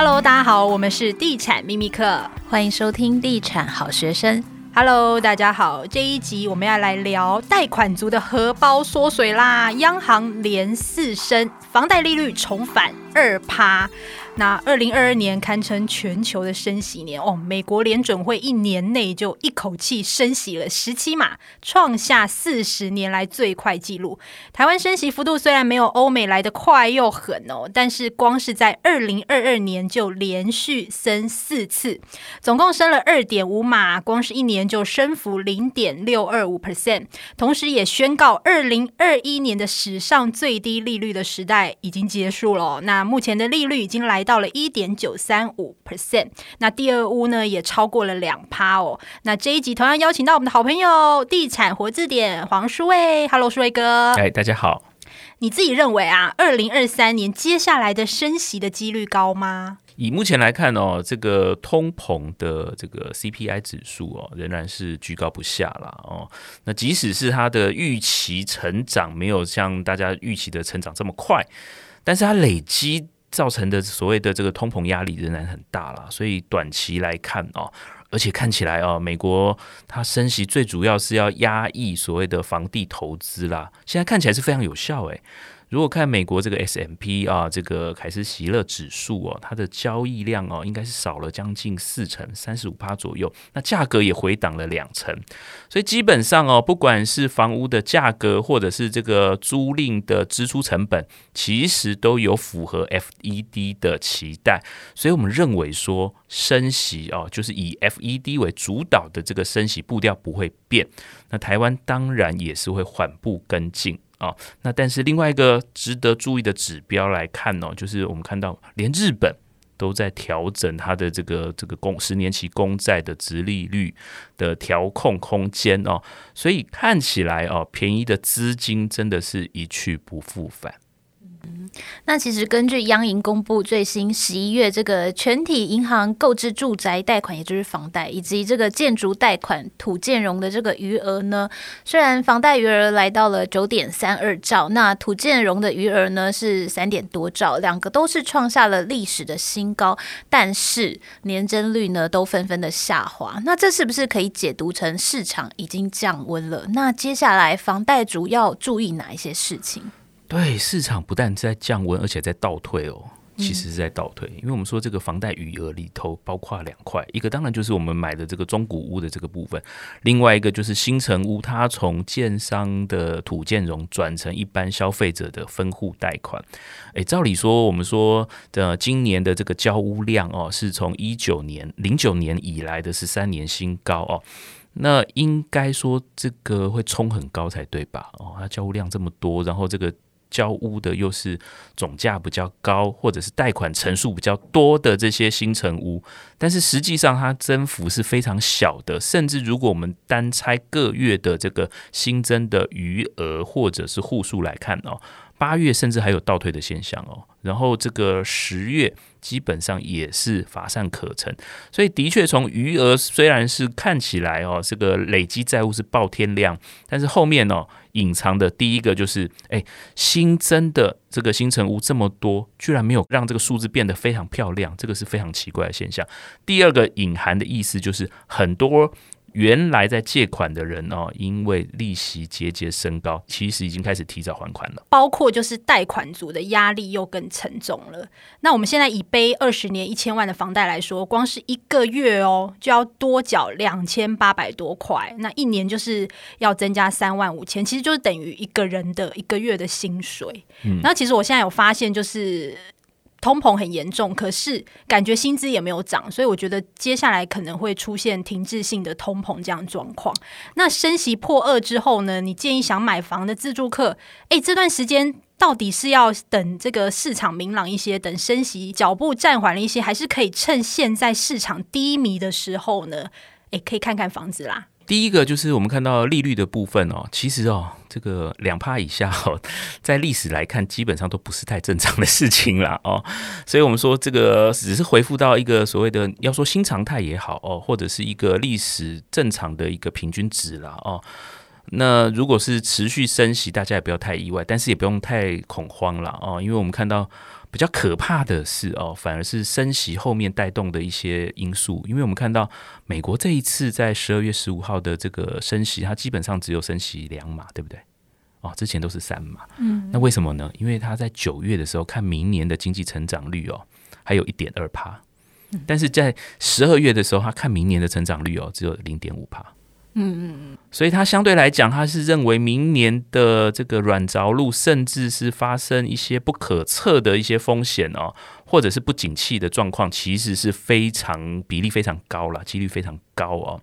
Hello，大家好，我們是地產秘密客，歡迎收聽地產好學生。Hello，大家好，這一集我們要來聊貸款族的荷包縮水啦，央行連四升房貸利率，重返二趴。那二零二二年堪稱全球的升息年哦，美國聯準會一年內就一口氣升息了十七碼，創下四十年來最快紀錄。台灣升息幅度雖然沒有歐美來得快又狠哦，但是光是在二零二二年就連續升四次，總共升了二點五碼，光是一年就升幅零點六二五 percent，同時也宣告二零二一年的史上最低利率的時代已經結束了哦。那目前的利率已經來到。到了一點九三五 percent，那第二屋呢也超過了兩趴哦。那這一集同樣邀請到我們的好朋友地產活字典黃舒衛。Hello，舒衛哥。哎，hey, 大家好。你自己認為啊，二零二三年接下來的升息的幾率高嗎？以目前來看哦，這個通膨的這個 CPI 指數哦，仍然是居高不下啦。哦。那即使是它的預期成長沒有像大家預期的成長這麼快，但是它累積。造成的所謂的這個通膨壓力仍然很大啦，所以短期來看哦，而且看起來哦，美國它升息最主要是要壓抑所謂的房地投資啦，現在看起來是非常有效欸。如果看美國這個 S M P 啊，這個凱斯席勒指數哦、啊，它的交易量哦、啊，應該是少了將近四成，三十五趴左右。那價格也回檔了兩成，所以基本上哦，不管是房屋的價格，或者是這個租賃的支出成本，其實都有符合 F E D 的期待。所以我們認為說，升息哦、啊，就是以 F E D 為主導的這個升息步調不會變。那台灣當然也是會緩步跟進。哦，那但是另外一個值得注意的指標來看哦，就是我們看到連日本都在調整它的這個這個公十年期公債的殖利率的調控空間哦，所以看起來哦，便宜的資金真的是一去不復返。那其實根據央行公布最新十一月這個全體銀行購置住宅貸款，也就是房貸以及這個建築貸款土建融的這個餘額呢，雖然房貸餘額來到了九點三二兆，那土建融的餘額呢是三點多兆，兩個都是創下了歷史的新高，但是年增率呢都紛紛的下滑，那這是不是可以解讀成市場已經降溫了？那接下來房貸主要注意哪一些事情？對，市場不但在降溫，而且在倒退哦。其實是在倒退，嗯、因為我們說這個房貸餘額裡頭包括兩塊，一個當然就是我們買的這個中古屋的這個部分，另外一個就是新成屋，它從建商的土建融轉成一般消費者的分戶貸款。誒，照理說我們說的今年的這個交屋量哦，是從一九年零九年以來的十三年新高哦，那應該說這個會衝很高才對吧？哦，它交屋量這麼多，然後這個。交屋的又是總價比較高，或者是貸款成數比較多的這些新成屋，但是實際上它增幅是非常小的，甚至如果我們單拆各月的這個新增的餘額或者是戶數來看哦，八月甚至還有倒退的現象哦，然後這個十月基本上也是乏善可陳，所以的確從餘額雖然是看起來哦，這個累積債務是爆天量，但是後面哦。隱藏的第一個就是，哎、欸，新增的這個新成屋這麼多，居然沒有讓這個數字變得非常漂亮，這個是非常奇怪的現象。第二個隱含的意思就是，很多。原來在借款的人哦，因為利息節節升高，其實已經開始提早還款了。包括就是貸款族的壓力又更沉重了。那我們現在以背二十年一千萬的房貸來說，光是一個月哦，就要多繳兩千八百多塊，那一年就是要增加三萬五千，其實就是等於一個人的一個月的薪水。嗯，那其實我現在有發現就是。通膨很嚴重，可是感覺薪資也沒有漲，所以我覺得接下來可能會出現停滯性的通膨這樣的狀況。那升息破二之後呢？你建議想買房的自住客，誒，這段時間到底是要等這個市場明朗一些，等升息腳步暫緩了一些，還是可以趁現在市場低迷的時候呢？誒，可以看看房子啦。第一個就是我們看到利率的部分哦、喔，其實哦、喔，這個兩趴以下、喔，哦，在歷史來看，基本上都不是太正常的事情啦、喔。哦，所以我們說這個只是回復到一個所謂的要說新常態也好哦、喔，或者是一個歷史正常的一個平均值了哦、喔。那如果是持續升息，大家也不要太意外，但是也不用太恐慌了哦、喔，因為我們看到，比較可怕的是哦，反而是升息後面帶動的一些因素，因為我們看到美國這一次在十二月十五號的這個升息，它基本上只有升息兩碼，對不對？哦，之前都是三碼。嗯。那為什麼呢？因為他在九月的時候看明年的經濟成長率哦，還有一點二趴；但是在十二月的時候，他看明年的成長率哦，只有零點五趴。嗯嗯嗯，所以他相對來講，他是認為明年的這個軟着陸，甚至是發生一些不可測的一些風險哦，或者是不景氣的狀況，其實是非常比例非常高啦，幾率非常高哦。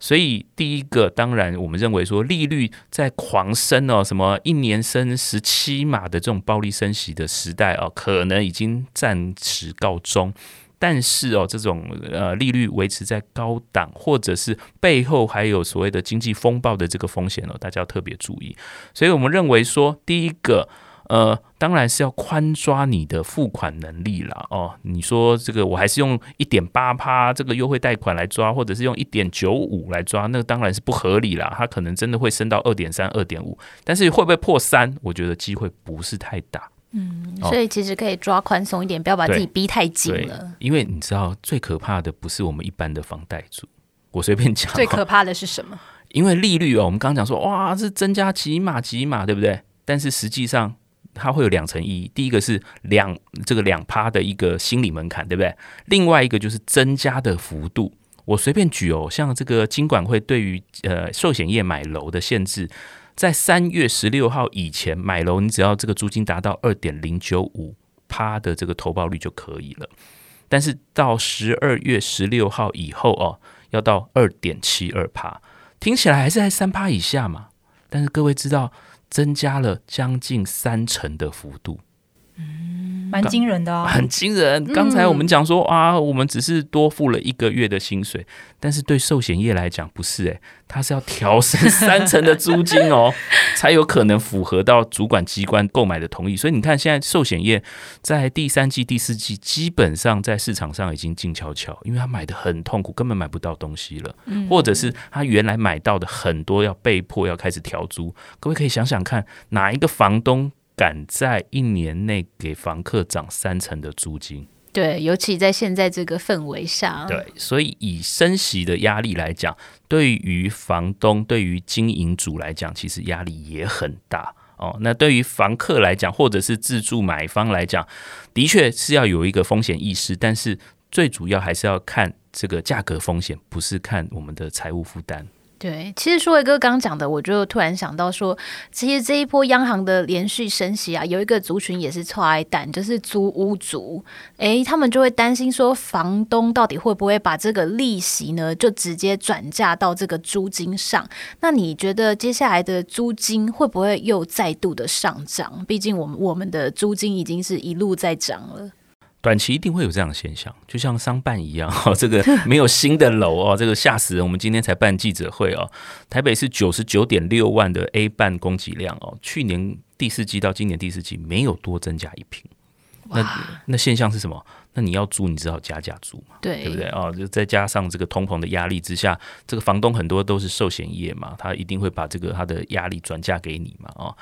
所以第一個，當然我們認為說，利率在狂升哦，什麼一年升十七碼的這種暴力升息的時代哦，可能已經暫時告終。但是哦，這種呃利率維持在高檔，或者是背後還有所謂的經濟風暴的這個風險哦，大家要特別注意。所以我們認為說，第一個呃，當然是要寬抓你的付款能力啦。哦。你說這個，我還是用一點八趴這個優惠貸款來抓，或者是用一點九五來抓，那個當然是不合理啦。它可能真的會升到二點三、二點五，但是會不會破三？我覺得機會不是太大。嗯，所以其實可以抓寬鬆一點，哦、不要把自己逼太緊了。因為你知道，最可怕的不是我們一般的房貸族，我隨便講、哦。最可怕的是什麼？因為利率哦，我們剛剛講說，哇，是增加幾碼幾碼，對不對？但是實際上，它會有兩層意義。第一個是兩這個兩趴的一個心理門檻，對不對？另外一個就是增加的幅度。我隨便舉哦，像這個金管會對於呃壽險業買樓的限制。在三月十六號以前買樓，你只要這個租金達到二點零九五趴的這個投報率，就可以了。但是到十二月十六號以後哦，要到二點七二趴，聽起來還是在三趴以下嘛？但是各位知道，增加了將近三成的幅度。嗯蠻驚人的，哦，很驚人。剛才我們講說，嗯、啊，我們只是多付了一個月的薪水，但是對壽險業來講不是，欸，誒，他是要調升三成的租金哦，喔， 才有可能符合到主管機關購買的同意。所以你看，現在壽險業在第三季，第四季，基本上在市場上已經靜悄悄，因為他買的很痛苦，根本買不到東西了，嗯，或者是他原來買到的很多要被迫要開始調租。各位可以想想看，哪一個房東，敢在一年內給房客漲三成的租金？對，尤其在現在這個氛圍上，對，所以以升息的壓力來講，對於房東、對於經營主來講，其實壓力也很大哦。那對於房客來講，或者是自住買方來講，的確是要有一個風險意識，但是最主要還是要看這個價格風險，不是看我們的財務負擔。對，其實舒衛哥剛講的，我就突然想到說，其實這一波央行的連續升息啊，有一個族群，也是剉咧等，就是租屋族，誒，他們就會擔心說，房東到底會不會把這個利息呢，就直接轉嫁到這個租金上？那你覺得接下來的租金會不會又再度的上漲？畢竟我們我們的租金已經是一路在漲了。短期一定會有這樣的現象，就像商辦一樣，哦、這個沒有新的樓哦，這個嚇死人！我們今天才辦記者會哦，台北是九十九點六萬的 A 辦供給量哦，去年第四季到今年第四季沒有多增加一坪哇那那現象是什麼？那你要租，你只好加價租嘛，對，對不對？哦，就再加上這個通膨的壓力之下，這個房東很多都是壽險業嘛，他一定會把這個他的壓力轉嫁給你嘛，哦。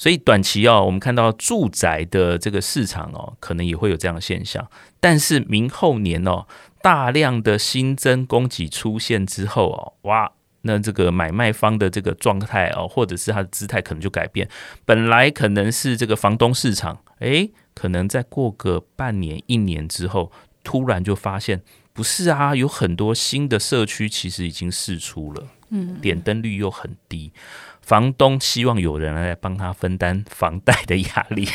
所以短期哦，我們看到住宅的這個市場哦，可能也會有這樣的現象。但是明後年哦，大量的新增供給出現之後哦，哇，那這個買賣方的這個狀態哦，或者是他的姿態可能就改變。本來可能是這個房東市場，誒、欸，可能再過個半年、一年之後。突然就發現，不是啊，有很多新的社區其實已經釋出了，嗯，點燈率又很低，嗯、房東希望有人來幫他分擔房貸的壓力，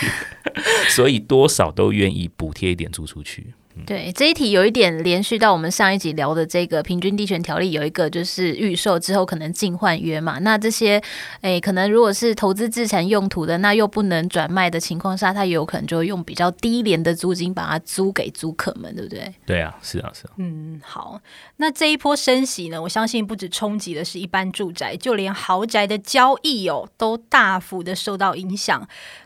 所以多少都願意補貼一點租出去。對這一題有一點延續到我們上一集聊的這個平均地權條例，有一個就是預售之後可能禁換約嘛，那這些誒、欸，可能如果是投資資產用途的，那又不能轉賣的情況下，他也有可能就會用比較低廉的租金把它租給租客們，對不對？對啊，是啊，是啊。嗯，好，那這一波升息呢，我相信不止衝擊的是一般住宅，就連豪宅的交易哦，都大幅的受到影響。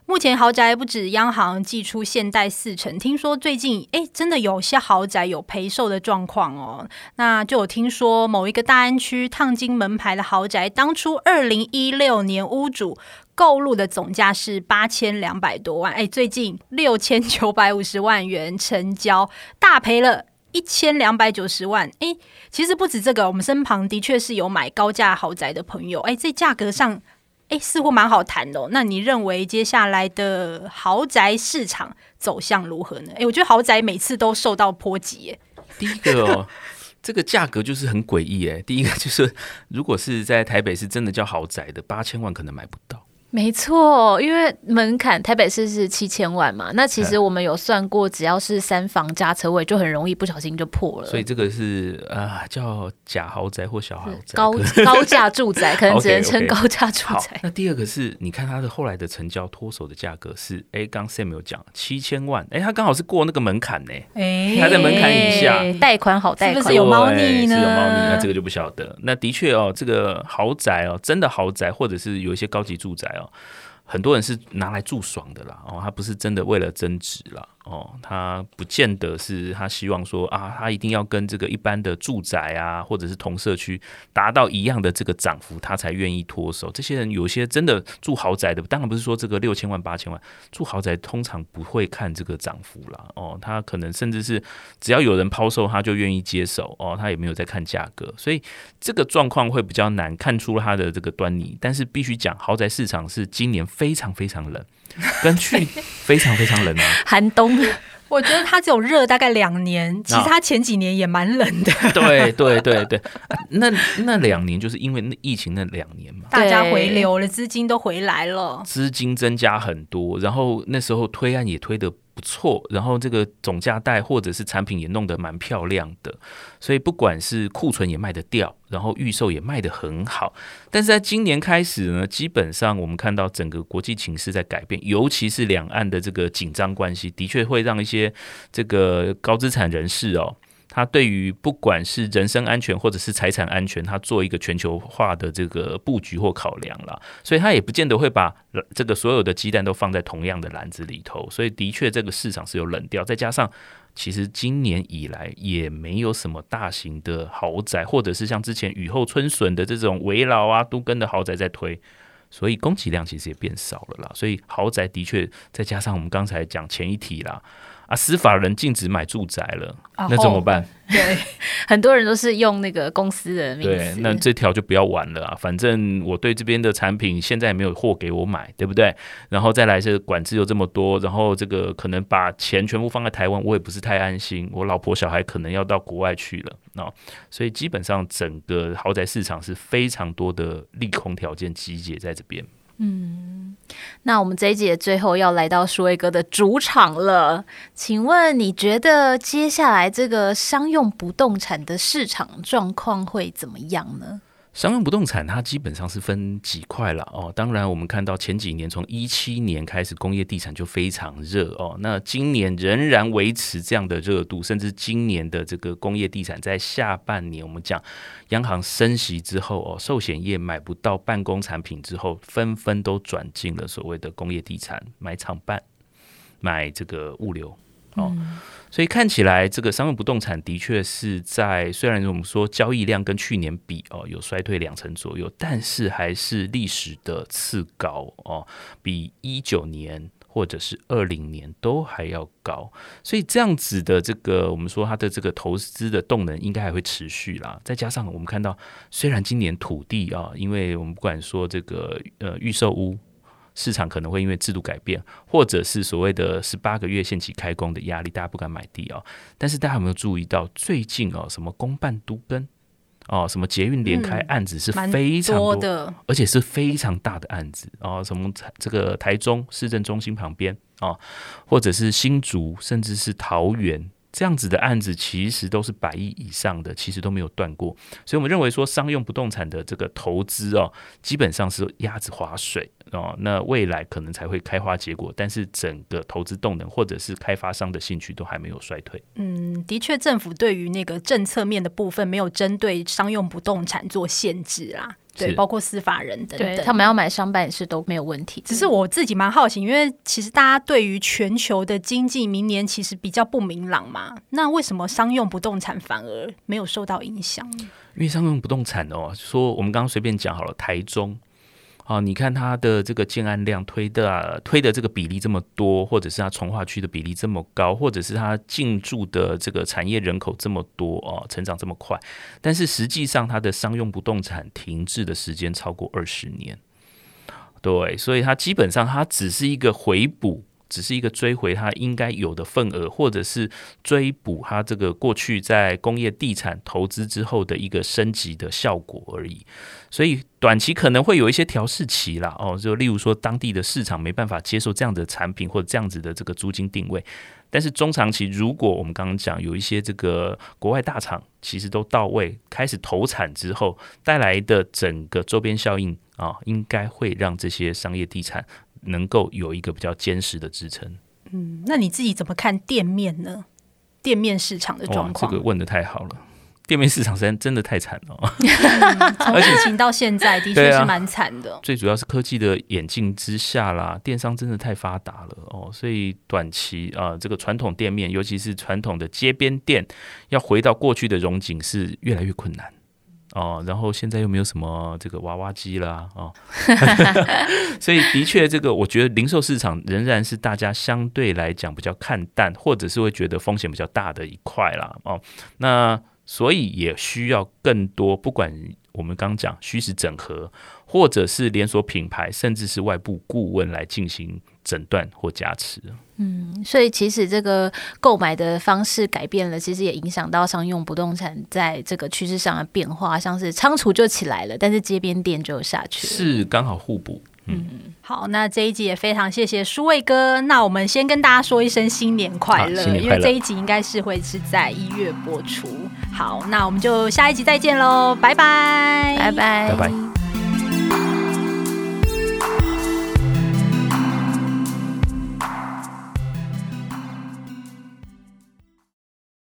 目前豪宅不止央行祭出現貸四成，聽說最近哎、欸，真的有些豪宅有賠售的狀況哦。那就有聽說某一個大安區燙金門牌的豪宅，當初二零一六年屋主購入的總價是八千兩百多萬，哎、欸，最近六千九百五十萬元成交，大賠了一千兩百九十萬。哎、欸，其實不止這個，我們身旁的確是有買高價豪宅的朋友，哎、欸，這價格上。哎，似乎蠻好談的哦。那你認為接下來的豪宅市場走向如何呢？哎，我覺得豪宅每次都受到波及。第一個哦， 這個價格就是很詭異。哎，第一個就是，如果是在台北是真的叫豪宅的，八千萬可能買不到。沒錯，因為門檻台北市是七千萬嘛，那其實我們有算過，只要是三房加車位，就很容易不小心就破了。所以這個是啊、呃，叫假豪宅或小豪宅，高高價住宅 可能只能稱 okay, okay. 高價住宅。那第二個是，你看它的後來的成交脫手的價格是，哎，剛 Sam 有講七千萬，哎，它剛好是過那個門檻呢，哎誒，它在門檻以下，貸款好貸款，是不是有貓膩呢、哦？是有貓膩，那這個就不曉得。那的確哦，這個豪宅哦，真的豪宅或者是有一些高級住宅、哦。很多人是拿來住爽的啦，哦，他不是真的為了增值啦。哦，他不見得是，他希望說啊，他一定要跟這個一般的住宅啊，或者是同社區達到一樣的這個漲幅，他才願意脫手。這些人有些真的住豪宅的，當然不是說這個六千萬、八千萬，住豪宅通常不會看這個漲幅啦。哦，他可能甚至是只要有人拋售，他就願意接手。哦，他也沒有在看價格，所以這個狀況會比較難看出他的這個端倪。但是必須講，豪宅市場是今年非常非常冷，跟去年非常非常冷啊， 寒冬。我覺得它只有熱大概兩年，其實他前幾年也蠻冷的。啊、 對對對對、啊，那那兩年就是因為那疫情那兩年嘛， 大家回流了資金都回來了，資對 金增加很多，然後那時候推案也推得。不錯，然後這個總價帶或者是產品也弄得蠻漂亮的，所以不管是庫存也賣得掉，然後預售也賣得很好。但是在今年開始呢，基本上我們看到整個國際情勢在改變，尤其是兩岸的這個緊張關係，的確會讓一些這個高資產人士哦。他對於不管是人身安全或者是財產安全，他做一個全球化的這個布局或考量啦，所以他也不見得會把這個所有的雞蛋都放在同樣的籃子裡頭。所以的確，這個市場是有冷掉，再加上其實今年以來也沒有什麼大型的豪宅，或者是像之前雨後春筍的這種危老啊、都更的豪宅在推，所以供給量其實也變少了啦。所以豪宅的確，再加上我們剛才講前一題啦。啊，私法人禁止買住宅了，啊、那怎麼辦？對，很多人都是用那個公司的名字。對，那這條就不要玩了啊！反正我對這邊的產品現在也沒有貨給我買，對不對？然後再來是管制又這麼多，然後這個可能把錢全部放在台灣，我也不是太安心。我老婆小孩可能要到國外去了，那、哦、所以基本上整個豪宅市場是非常多的利空條件集結在這邊。嗯，那我們這一集最後要來到舒衛哥的主場了，請問你覺得接下來這個商用不動產的市場狀況會怎麼樣呢？商用不動產它基本上是分幾塊了哦，當然我們看到前幾年從一七年開始工業地產就非常熱哦，那今年仍然維持這樣的熱度，甚至今年的這個工業地產在下半年我們講央行升息之後哦，壽險業買不到辦公產品之後，紛紛都轉進了所謂的工業地產，買廠辦，買這個物流。哦，嗯，所以看起來這個商用不動產的確是在雖然我們說交易量跟去年比哦有衰退兩成左右，但是還是歷史的次高哦，比一九年或者是二零年都還要高。所以這樣子的這個我們說它的這個投資的動能應該還會持續啦。再加上我們看到，雖然今年土地啊，因為我們不管說這個呃預售屋。市場可能會因為制度改變，或者是所謂的十八個月限期開工的壓力，大家不敢買地啊、哦。但是大家有沒有注意到，最近哦什麼公辦都更哦什麼捷運聯開案子是非常多，嗯、多的，而且是非常大的案子哦。什麼這個台中市政中心旁邊哦，或者是新竹，甚至是桃園。這樣子的案子其實都是百億以上的，其實都沒有斷過。所以我們認為說，商用不動產的這個投資哦，基本上是鴨子划水哦，那未來可能才會開花結果。但是整個投資動能或者是開發商的興趣都還沒有衰退。嗯，的確，政府對於那個政策面的部分沒有針對商用不動產做限制啊。對，是包括司法人等等，對他們要買商辦也是都沒有問題。只是我自己蠻好奇，因為其實大家對於全球的經濟明年其實比較不明朗嘛，那為什麼商用不動產反而沒有受到影響？因為商用不動產哦，說我們剛剛隨便講好了，台中。哦，你看它的這個建案量推的啊，推的這個比例這麼多，或者是它重劃區的比例這麼高，或者是它進駐的這個產業人口這麼多哦，成長這麼快，但是實際上它的商用不動產停滯的時間超過二十年，對，所以它基本上它只是一個回補，只是一個追回它應該有的份額，或者是追補它這個過去在工業地產投資之後的一個升級的效果而已。所以短期可能會有一些調試期啦，哦，就例如說當地的市場沒辦法接受這樣的產品或者這樣子的這個租金定位。但是中長期，如果我們剛剛講有一些這個國外大廠其實都到位開始投產之後帶來的整個周邊效應啊，應該會讓這些商業地產。能夠有一個比較堅實的支撐。嗯，那你自己怎麼看店面呢？店面市場的狀況，哦？這個問得太好了。店面市場真的太慘了，而且從疫情到現在 的確是蠻慘的、啊。最主要是科技的演進之下啦，電商真的太發達了哦，所以短期啊、呃，這個傳統店面，尤其是傳統的街邊店，要回到過去的榮景是越來越困難。哦，然後現在又沒有什麼這個娃娃機啦、啊，哦， 所以的確，這個我覺得零售市場仍然是大家相對來講比較看淡，或者是會覺得風險比較大的一塊啦。哦，那所以也需要更多，不管我們剛講虛實整合，或者是連鎖品牌，甚至是外部顧問來進行。診斷或加持。嗯，所以其實這個購買的方式改變了，其實也影響到商用不動產在這個趨勢上的變化，像是倉儲就起來了，但是街邊店就下去了，是剛好互補。嗯，好，那這一集也非常謝謝舒衛哥，那我們先跟大家說一聲新年快樂，啊，新年快樂，因為這一集應該是會是在一月播出。啊，好，那我們就下一集再見嘍，拜拜，拜拜。拜拜。